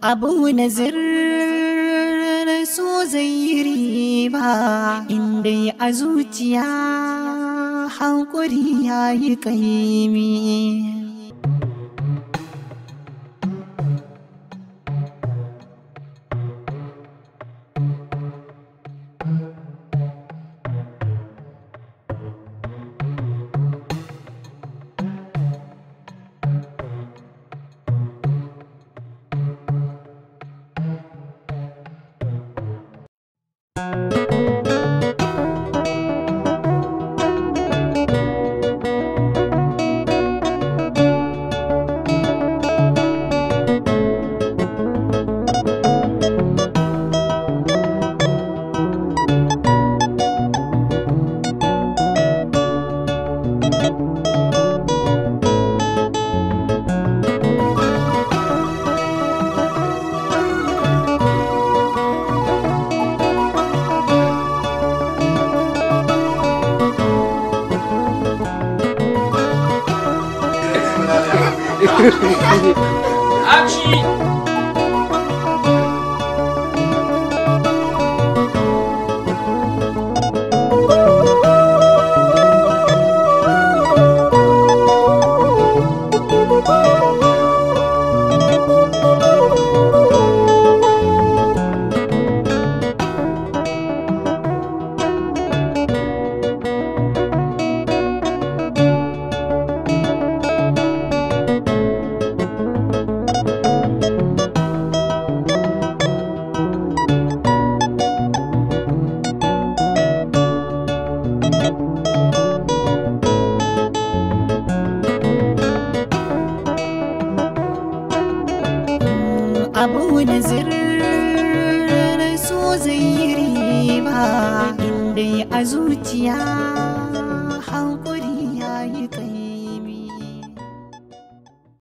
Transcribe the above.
abu nazir so zai riba inda a zuciya hankuri ya yi kaimi. thank you Música 阿七。abu da zirar so zai yi riba inda a zuciya hankuri ya yi kai